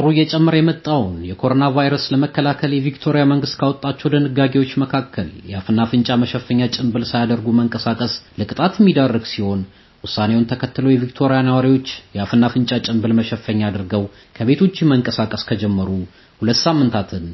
ቁጥሩ እየጨመረ የመጣውን የኮሮና ቫይረስ ለመከላከል የቪክቶሪያ መንግስት ካወጣቸው ድንጋጌዎች መካከል የአፍና አፍንጫ መሸፈኛ ጭንብል ሳያደርጉ መንቀሳቀስ ለቅጣት የሚዳርግ ሲሆን ውሳኔውን ተከትሎ የቪክቶሪያ ነዋሪዎች የአፍና አፍንጫ ጭንብል መሸፈኛ አድርገው ከቤት ውጭ መንቀሳቀስ ከጀመሩ ሁለት ሳምንታትን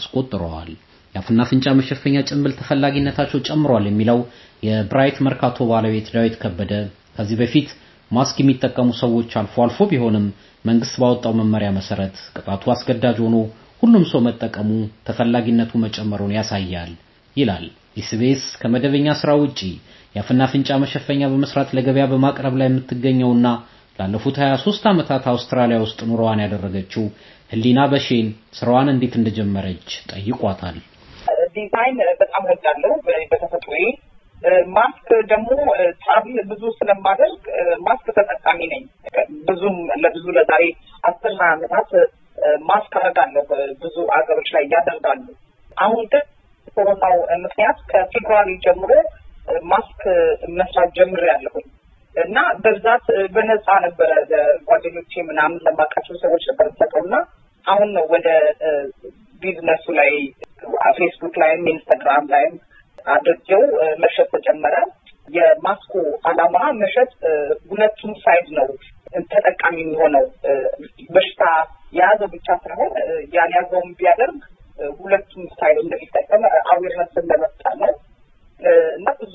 አስቆጥረዋል። የአፍና አፍንጫ መሸፈኛ ጭንብል ተፈላጊነታቸው ጨምሯል የሚለው የብራይት መርካቶ ባለቤት ዳዊት ከበደ ከዚህ በፊት ማስክ የሚጠቀሙ ሰዎች አልፎ አልፎ ቢሆንም መንግስት ባወጣው መመሪያ መሰረት ቅጣቱ አስገዳጅ ሆኖ ሁሉም ሰው መጠቀሙ ተፈላጊነቱ መጨመሩን ያሳያል ይላል። ኢስቤስ ከመደበኛ ስራ ውጪ የአፍና አፍንጫ መሸፈኛ በመስራት ለገበያ በማቅረብ ላይ የምትገኘውና ላለፉት 23 ዓመታት አውስትራሊያ ውስጥ ኑሮዋን ያደረገችው ህሊና በሼን ስራዋን እንዴት እንደጀመረች ጠይቋታል። ዲዛይን በጣም ወዳለሁ በተፈጥሮዬ ማስክ ደግሞ ጣቢ ብዙ ስለማደርግ ማስክ ተጠቃሚ ነኝ። ብዙም ለብዙ ለዛሬ አስርና አመታት ማስክ አደርጋለሁ። ብዙ አገሮች ላይ ያደርጋሉ። አሁን ግን ኮሮናው ምክንያት ከፌብሩዋሪ ጀምሮ ማስክ መስራት ያለሁኝ እና በብዛት በነፃ ነበረ ጓደኞቼ ምናምን ለማውቃቸው ሰዎች ነበር ተጠቀውና አሁን ነው ወደ ቢዝነሱ ላይ ፌስቡክ ላይም ኢንስታግራም ላይም አድርጌው መሸጥ ተጀመረ። የማስኮ አላማ መሸጥ ሁለቱም ሳይድ ነው ተጠቃሚ የሚሆነው በሽታ የያዘው ብቻ ሳይሆን ያልያዘውም ቢያደርግ ሁለቱም ሳይድ እንደሚጠቀም አዌርነስን ለመጣ ነው እና ብዙ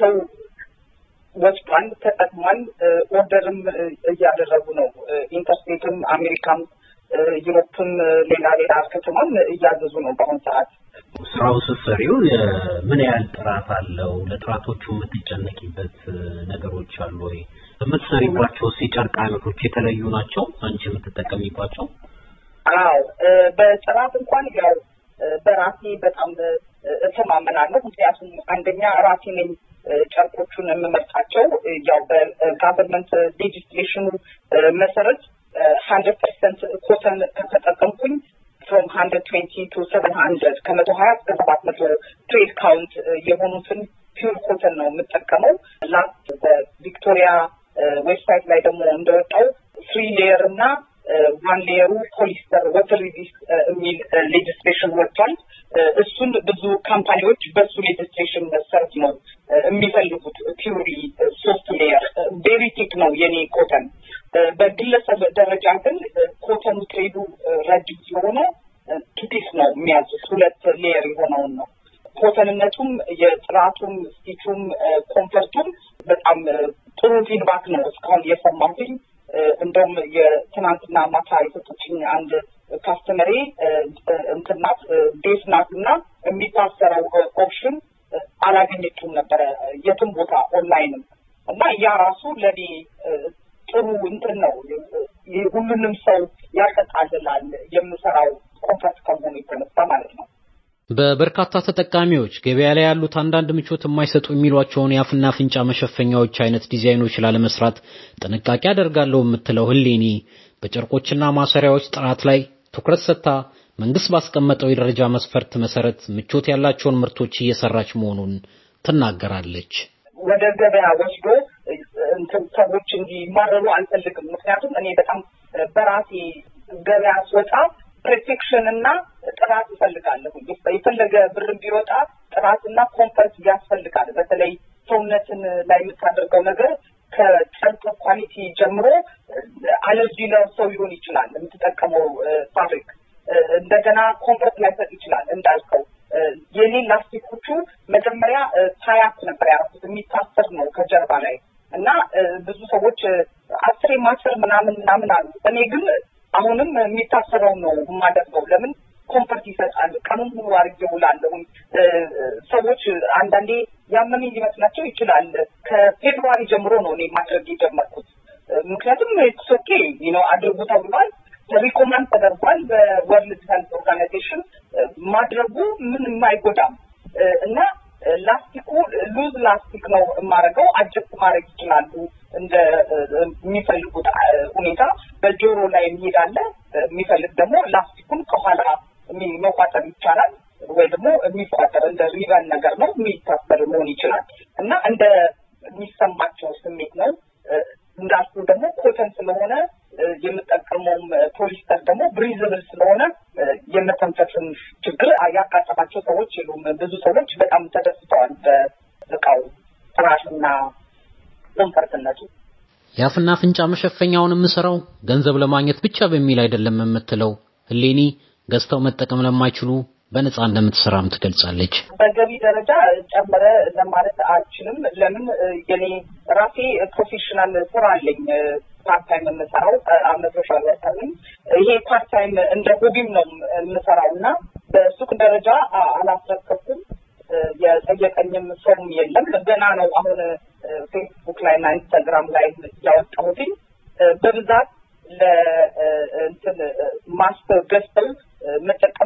ሰው ወስዷል፣ ተጠቅሟል። ኦርደርም እያደረጉ ነው። ኢንተርስቴትም፣ አሜሪካም፣ ዩሮፕም ሌላ ሌላ ከተማም እያዘዙ ነው በአሁኑ ሰዓት። ስራው ስትሰሪው ምን ያህል ጥራት አለው? ለጥራቶቹ የምትጨነቂበት ነገሮች አሉ ወይ? የምትሰሪባቸው የጨርቅ አይነቶች የተለዩ ናቸው? አንቺ የምትጠቀሚባቸው? አዎ በጥራት እንኳን ያው በራሴ በጣም እተማመናለሁ። ምክንያቱም አንደኛ ራሴ ነኝ ጨርቆቹን የምመርጣቸው ያው በጋቨርንመንት ሌጅስሌሽኑ መሰረት ሀንድረድ ፐርሰንት ኮተን ከተጠቀምኩኝ ፍሮም ሀንድረድ ትዌንቲ ቱ ሰቨን ሀንድረድ ከመቶ ሀያ እስከ ሰባት መቶ ትሬድ ካውንት የሆኑትን ፒውር ኮተን ነው የምጠቀመው። ላስት በቪክቶሪያ ዌብሳይት ላይ ደግሞ እንደወጣው ፍሪ ሌየር እና ዋን ሌየሩ ፖሊስተር ወተር ሪዚስት የሚል ሌጅስሌሽን ወጥቷል። እሱን ብዙ ካምፓኒዎች በሱ ሌጅስሌሽን መሰረት ነው የሚፈልጉት። ፒውሪ ሶስት ሌየር ቤሪ ቲክ ነው የኔ ኮተን። በግለሰብ ደረጃ ግን ኮተን ትሬዱ ረጅም ስለሆነ ስፒስ ነው የሚያዙት ሁለት ሌየር የሆነውን ነው። ኮተንነቱም የጥራቱም ስቲቹም ኮንፈርቱም በጣም ጥሩ ፊድባክ ነው እስካሁን የሰማሁኝ። እንደውም የትናንትና ማታ የሰጡችኝ አንድ ካስተመሬ እንትናት ቤት ናት እና የሚታሰረው ኦፕሽን አላገኘችውም ነበረ የትም ቦታ ኦንላይንም እና ያ ራሱ ለኔ ጥሩ እንትን ነው። ሁሉንም ሰው ያጠቃልላል የምሰራው በበርካታ ተጠቃሚዎች ገበያ ላይ ያሉት አንዳንድ ምቾት የማይሰጡ የሚሏቸውን የአፍና አፍንጫ መሸፈኛዎች አይነት ዲዛይኖች ላለመስራት ጥንቃቄ አደርጋለሁ የምትለው ህሌኒ በጨርቆችና ማሰሪያዎች ጥራት ላይ ትኩረት ሰጥታ መንግስት ባስቀመጠው የደረጃ መስፈርት መሰረት ምቾት ያላቸውን ምርቶች እየሰራች መሆኑን ትናገራለች። ወደ ገበያ ወስዶ ሰዎች እንዲማረሩ አልፈልግም። ምክንያቱም እኔ በጣም በራሴ ገበያ ስወጣ ፕሮቴክሽን እና ጥራት ይፈልጋለሁ። የፈለገ ብርም ቢወጣ ጥራትና ኮንፈርት ያስፈልጋል። በተለይ ሰውነትን ላይ የምታደርገው ነገር ከጨርቅ ኳሊቲ ጀምሮ አለርጂ ለሰው ሊሆን ይችላል የምትጠቀመው ፋብሪክ። እንደገና ኮንፈርት ላይሰጥ ይችላል እንዳልከው የኔ ላስቲኮቹ መጀመሪያ ታያት ነበር ያረኩት የሚታሰር ነው ከጀርባ ላይ እና ብዙ ሰዎች አስሬ ማሰር ምናምን ምናምን አሉ። እኔ ግን አሁንም የሚታሰረው ነው የማደርገው። ለምን ኮንፈርት ይሰጣል። ቀኑን ሙሉ አርጌውላለሁኝ። ሰዎች አንዳንዴ ያመመኝ ሊመስላቸው ይችላል። ከፌብሩዋሪ ጀምሮ ነው እኔ ማድረግ የጀመርኩት። ምክንያቱም ሶኬ ነው አድርጉ ተብሏል፣ ሪኮማንድ ተደርጓል በወርልድ ሄልት ኦርጋናይዜሽን ማድረጉ ምንም አይጎዳም እና ላስቲኩ ሉዝ ላስቲክ ነው የማደርገው። አጀብ ማድረግ ይችላሉ እንደ የሚፈልጉት ሁኔታ። በጆሮ ላይ የሚሄዳለ የሚፈልግ ደግሞ ላስቲኩን ከኋላ መቋጠር ይቻላል ወይ ደግሞ የሚቋጠር እንደ ሪቫል ነገር ነው የሚታሰር መሆን ይችላል እና እንደ የሚሰማቸው ስሜት ነው። እንዳሱ ደግሞ ኮተን ስለሆነ የምጠቀመውም ፖሊስተር ደግሞ ብሪዝብል ስለሆነ የመተንፈስን ችግር ያጋጠማቸው ሰዎች የሉም። ብዙ ሰዎች በጣም ተደስተዋል በእቃው ጥራትና ኮንፈርትነቱ። የአፍና አፍንጫ መሸፈኛውን የምሰራው ገንዘብ ለማግኘት ብቻ በሚል አይደለም የምትለው ህሌኒ ገዝተው መጠቀም ለማይችሉ በነፃ እንደምትሰራም ትገልጻለች። በገቢ ደረጃ ጨመረ ለማለት አልችልም። ለምን የኔ ራሴ ፕሮፌሽናል ስራ አለኝ። ፓርታይም የምሰራው አመቶሻ ያሳለኝ ይሄ ፓርታይም እንደ ሆቢም ነው የምሰራው እና በሱቅ ደረጃ አላስረከብኩም። የጠየቀኝም ሰውም የለም። ገና ነው አሁን ፌስቡክ ላይ እና ኢንስታግራም ላይ ያወጣሁትኝ በብዛት ለእንትን ማስተር ገዝተው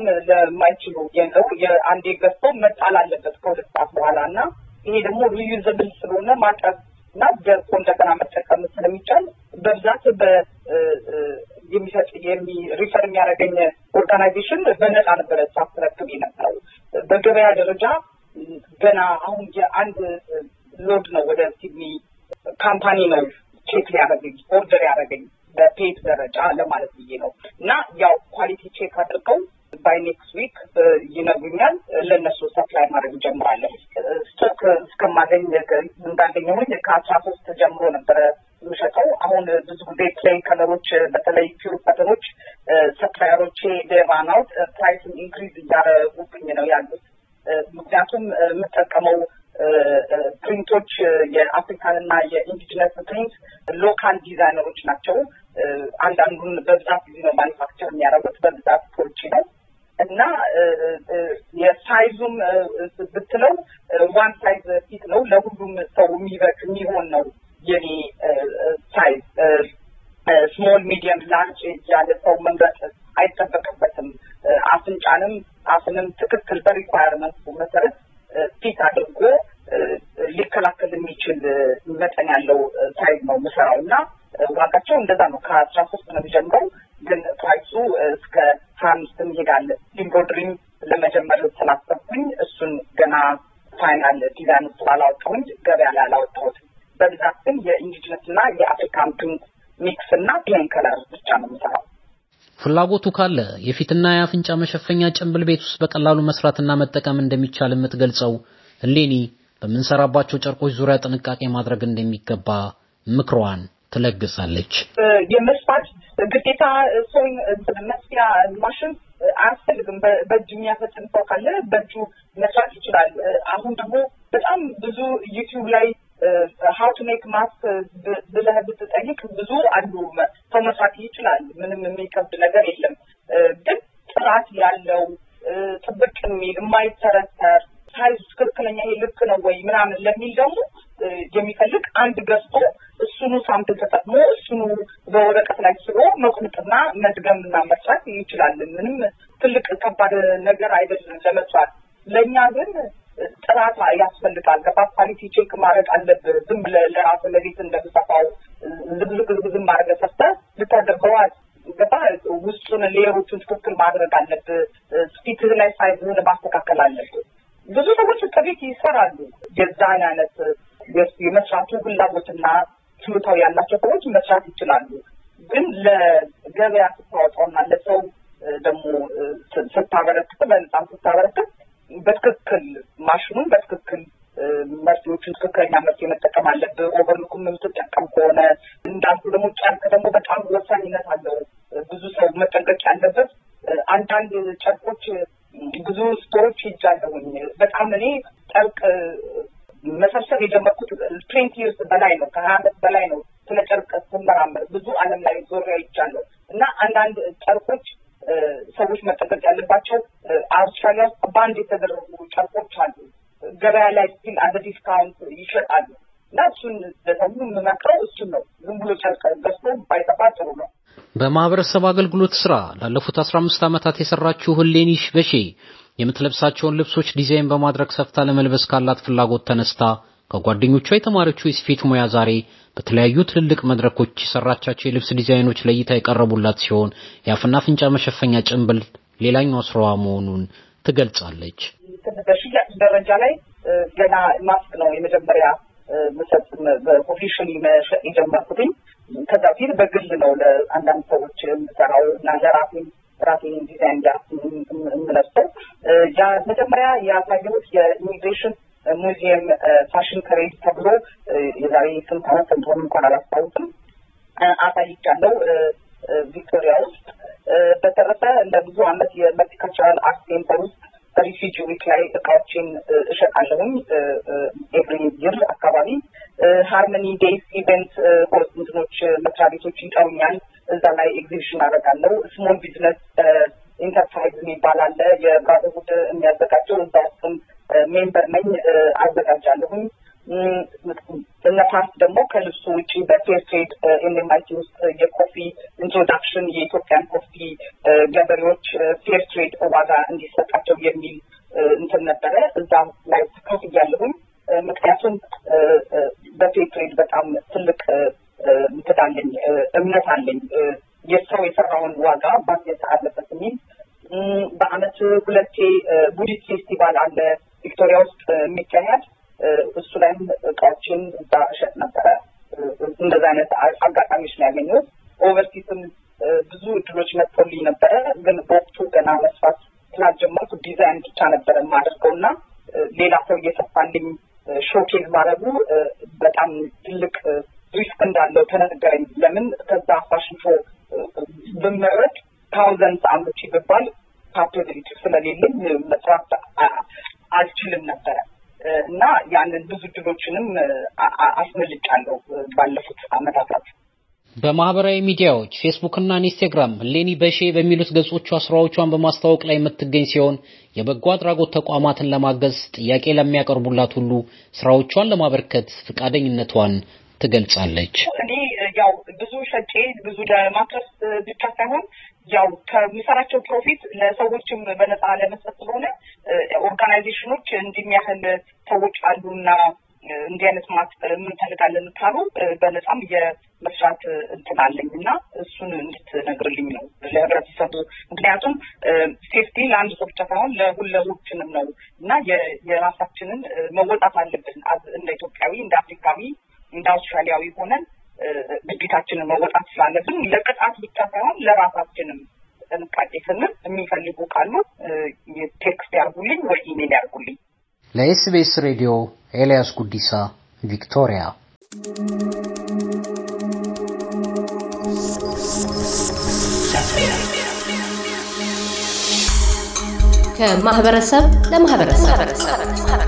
መጠቀም ለማይችሉ ገንዘቡ የአንዴ ገዝቶ መጣል አለበት ከሁለት ሰዓት በኋላ እና ይሄ ደግሞ ሪዩዘብል ስለሆነ ማቅረብ እና ገዝቶ እንደገና መጠቀም ስለሚቻል በብዛት በ የሚሰጥ ሪፈር የሚያደርገኝ ኦርጋናይዜሽን በነጻ ነበረ ሳስረክብ የነበረው። በገበያ ደረጃ ገና አሁን የአንድ ሎድ ነው ወደ ሲድኒ ካምፓኒ ነው ቼክ ሊያደረገኝ ኦርደር ያደረገኝ በፔድ ደረጃ ለማለት ብዬ ነው እና ያው ኳሊቲ ቼክ አድርገው ባይ ኔክስት ዊክ ይነግሩኛል። ለእነሱ ሰፕላይ ማድረግ ጀምራለሁ። ስቶክ እስከማገኝ እንዳገኘ እንዳገኘሁ ከአስራ ሶስት ጀምሮ ነበረ የምሸጠው። አሁን ብዙ ጊዜ ፕሌን ከለሮች በተለይ ፒሩ ከተኖች ሰፕላየሮቼ ደባናውት ፕራይስን ኢንክሪዝ እያረጉብኝ ነው ያሉት። uh, ምክንያቱም uh, የምጠቀመው ፕሪንቶች uh, የአፍሪካን የአፍሪካንና የኢንዲጅነስ ፕሪንት ሎካል ዲዛይነሮች ናቸው። አንዳንዱን በብዛት ጊዜ ነው ማኒፋክቸር የሚያደርጉት በብዛት ፖርቺ ነው። እና የሳይዙም ብትለው ዋን ሳይዝ ፊት ነው ለሁሉም ሰው የሚበቅ የሚሆን ነው። የኔ ሳይዝ ስሞል፣ ሚዲየም፣ ላንች ያለ ሰው መምረጥ አይጠበቅበትም። አፍንጫንም አፍንም ትክክል በሪኳየርመንቱ መሰረት ፊት አድርጎ ሊከላከል የሚችል መጠን ያለው ሳይዝ ነው ምሰራው እና ዋጋቸው እንደዛ ነው። ከአስራ ሶስት ነው የሚጀምረው ግን ፕራይሱ እስከ ፍራንስ እንሄዳለን። ኢምቦድሪንግ ለመጀመር ስላሰብኩኝ እሱን ገና ፋይናል ዲዛይን ውስጥ ባላወጣሁኝ ገበያ ላይ አላወጣሁትም። በብዛት ግን የኢንዲጅነስ እና የአፍሪካን ፒንክ ሚክስ እና ፒንክ ከለር ብቻ ነው የምሰራው። ፍላጎቱ ካለ የፊትና የአፍንጫ መሸፈኛ ጭንብል ቤት ውስጥ በቀላሉ መስራትና መጠቀም እንደሚቻል የምትገልጸው እሌኒ በምንሰራባቸው ጨርቆች ዙሪያ ጥንቃቄ ማድረግ እንደሚገባ ምክሯን ትለግሳለች። የመስፋት ግዴታ ሰውን መስያ ማሽን አያስፈልግም። በእጁ የሚያፈጥን ሰው ካለ በእጁ መስራት ይችላል። አሁን ደግሞ በጣም ብዙ ዩቲዩብ ላይ ሀው ቱ ሜክ ማስክ ብለህ ብትጠይቅ ብዙ አሉ። ሰው መስራት ይችላል። ምንም የሚከብድ ነገር የለም። ግን ጥራት ያለው ጥብቅ የሚል የማይተረተር ሳይዝ ትክክለኛ ይሄ ልክ ነው ወይ ምናምን ለሚል ደግሞ የሚፈልግ አንድ ገዝቶ እሱኑ ሳምፕል ተጠቅሞ እሱኑ በወረቀት ላይ ስሎ መቁምጥና መድገም እና መስራት ይችላለን። ምንም ትልቅ ከባድ ነገር አይደለም ለመስራት። ለእኛ ግን ጥራት ያስፈልጋል። ገባህ? ኳሊቲ ማድረግ አለብህ። ዝም ለራስ ለቤት እንደምሰፋው ዝብዝብ ዝብዝብ ማድረግ ሰፍተህ ልታደርገዋል። ገባህ? ውስጡን ሌየሮቹን ትክክል ማድረግ አለብህ። ፊትህ ላይ ሳይዝህን ማስተካከል አለብህ። ብዙ ሰዎች ከቤት ይሰራሉ። የዛን አይነት የመስራቱ ፍላጎትና ችሎታው ያላቸው ሰዎች መስራት ይችላሉ። ግን ለገበያ ስታወጣውና ለሰው ደግሞ ስታበረክት፣ በነጻም ስታበረክት በትክክል ማሽኑን በትክክል መርፌዎቹን ትክክለኛ መርፌ መጠቀም አለብህ። ኦቨርሎክም የምትጠቀም ከሆነ እንዳልኩ ደግሞ ጨርቅ ደግሞ በጣም ወሳኝነት አለው። ብዙ ሰው መጠንቀቅ ያለበት አንዳንድ ጨርቆች ብዙ ስቶሮች ይጃለሁኝ በጣም እኔ ጨርቅ መሰብሰብ የጀመርኩት ትሬንቲ ይርስ በላይ ነው ከሀያ አመት በላይ ነው። ስለ ጨርቅ ስመራመር ብዙ አለም ላይ ዞሬ አይቻለሁ እና አንዳንድ ጨርቆች ሰዎች መጠንቀቅ ያለባቸው አውስትራሊያ ውስጥ በአንድ የተደረጉ ጨርቆች አሉ። ገበያ ላይ ስቲል አዘ ዲስካውንት ይሸጣሉ እና እሱን ለሰሙ የምመክረው እሱን ነው። ዝም ብሎ ጨርቅ ገዝቶ ባይጠፋ ጥሩ ነው። በማህበረሰብ አገልግሎት ስራ ላለፉት አስራ አምስት አመታት የሰራችው ህሌኒሽ በሼ የምትለብሳቸውን ልብሶች ዲዛይን በማድረግ ሰፍታ ለመልበስ ካላት ፍላጎት ተነስታ ከጓደኞቿ የተማረችው የስፌት ሙያ ዛሬ በተለያዩ ትልልቅ መድረኮች የሰራቻቸው የልብስ ዲዛይኖች ለእይታ የቀረቡላት ሲሆን የአፍና አፍንጫ መሸፈኛ ጭንብል ሌላኛው ስራዋ መሆኑን ትገልጻለች። በሽያጭ ደረጃ ላይ ገና ማስክ ነው የመጀመሪያ መሰጥ መሸጥ የጀመርኩትኝ። ከዛ ፊት በግል ነው ለአንዳንድ ሰዎች የምሰራው እና ራሴን ዲዛይን ጋር የምለብሰው መጀመሪያ ያሳየሁት የኢሚግሬሽን ሙዚየም ፋሽን ከሬት ተብሎ የዛሬ ስንት አመት እንደሆነ እንኳን አላስታውስም አሳይቻለው ቪክቶሪያ ውስጥ። በተረፈ እንደ ብዙ አመት የመልቲካልቸራል አርት ሴንተር ውስጥ ሪፊጂ ዊክ ላይ እቃዎችን እሸጣለሁኝ ኤቭሪ ይር አካባቢ ሃርመኒ ዴይስ ኢቨንት ሆል ቢዝነሶች መስሪያ ቤቶች ይጠሩኛል። እዛ ላይ ኤግዚቢሽን አደርጋለሁ። ስሞል ቢዝነስ ኢንተርፕራይዝ የሚባል አለ የብራዘርሁድ የሚያዘጋጀው እዛ ውስጥም ሜምበር ነኝ፣ አዘጋጃለሁኝ። እነ ፓርት ደግሞ ከልብሱ ውጪ በፌር ትሬድ ኤም ውስጥ የኮፊ ኢንትሮዳክሽን የኢትዮጵያን ኮፊ ገበሬዎች ፌር ትሬድ ዋጋ እንዲሰጣቸው የሚል እንትን ነበረ። እዛ ላይ ተካፍያለሁኝ። ምክንያቱም በፌር ትሬድ በጣም ትልቅ ምትት አለኝ እምነት አለኝ የሰው የሰራውን ዋጋ ማግኘት አለበት የሚል በአመት ሁለቴ ቡዲት ፌስቲቫል አለ ቪክቶሪያ ውስጥ የሚካሄድ እሱ ላይም እቃዎችን እዛ እሸጥ ነበረ። እንደዛ አይነት አጋጣሚዎች ነው ያገኘት ኦቨርሲስም ብዙ እድሎች መጥቶልኝ ነበረ፣ ግን በወቅቱ ገና መስፋት ስላልጀመርኩ ዲዛይን ብቻ ነበረ የማደርገው እና ሌላ ሰው እየሰፋልኝ ሾኬዝ ማድረጉ በጣም ትልቅ እንዳለው ተነገረኝ። ለምን ከዛ አሳሽፎ ብመረጥ ታውዘንድ አምጪ ብባል ካፓቢሊቲ ስለሌለኝ መስራት አልችልም ነበረ እና ያንን ብዙ ድሎችንም አስመልጫለሁ ባለፉት አመታታት። በማህበራዊ ሚዲያዎች ፌስቡክ ኢንስታግራም ሌኒ በሼ በሚሉት ገጾቿ ስራዎቿን በማስተዋወቅ ላይ የምትገኝ ሲሆን የበጎ አድራጎት ተቋማትን ለማገዝ ጥያቄ ለሚያቀርቡላት ሁሉ ስራዎቿን ለማበርከት ፍቃደኝነቷን ትገልጻለች። እኔ ያው ብዙ ሸጬ ብዙ ለማትረስ ብቻ ሳይሆን ያው ከሚሰራቸው ፕሮፊት ለሰዎችም በነፃ ለመስጠት ስለሆነ ኦርጋናይዜሽኖች እንዲሚያህል ሰዎች አሉና እንዲህ አይነት ማት የምንፈልጋለን ካሉ በነፃም የመስራት እንትን አለኝ እና እሱን እንድትነግርልኝ ነው ለህብረተሰቡ። ምክንያቱም ሴፍቲ ለአንድ ሰው ብቻ ሳይሆን ለሁለቦችንም ነው እና የራሳችንን መወጣት አለብን እንደ ኢትዮጵያዊ እንደ አፍሪካዊ እንደ አውስትራሊያዊ ሆነን ግዴታችንን መወጣት ስላለብን ለቅጣት ብቻ ሳይሆን ለራሳችንም ጥንቃቄ ስንል የሚፈልጉ ካሉ ቴክስት ያርጉልኝ ወይ ኢሜል ያርጉልኝ። ለኤስቢኤስ ሬዲዮ ኤልያስ ጉዲሳ ቪክቶሪያ። ከማህበረሰብ ለማህበረሰብ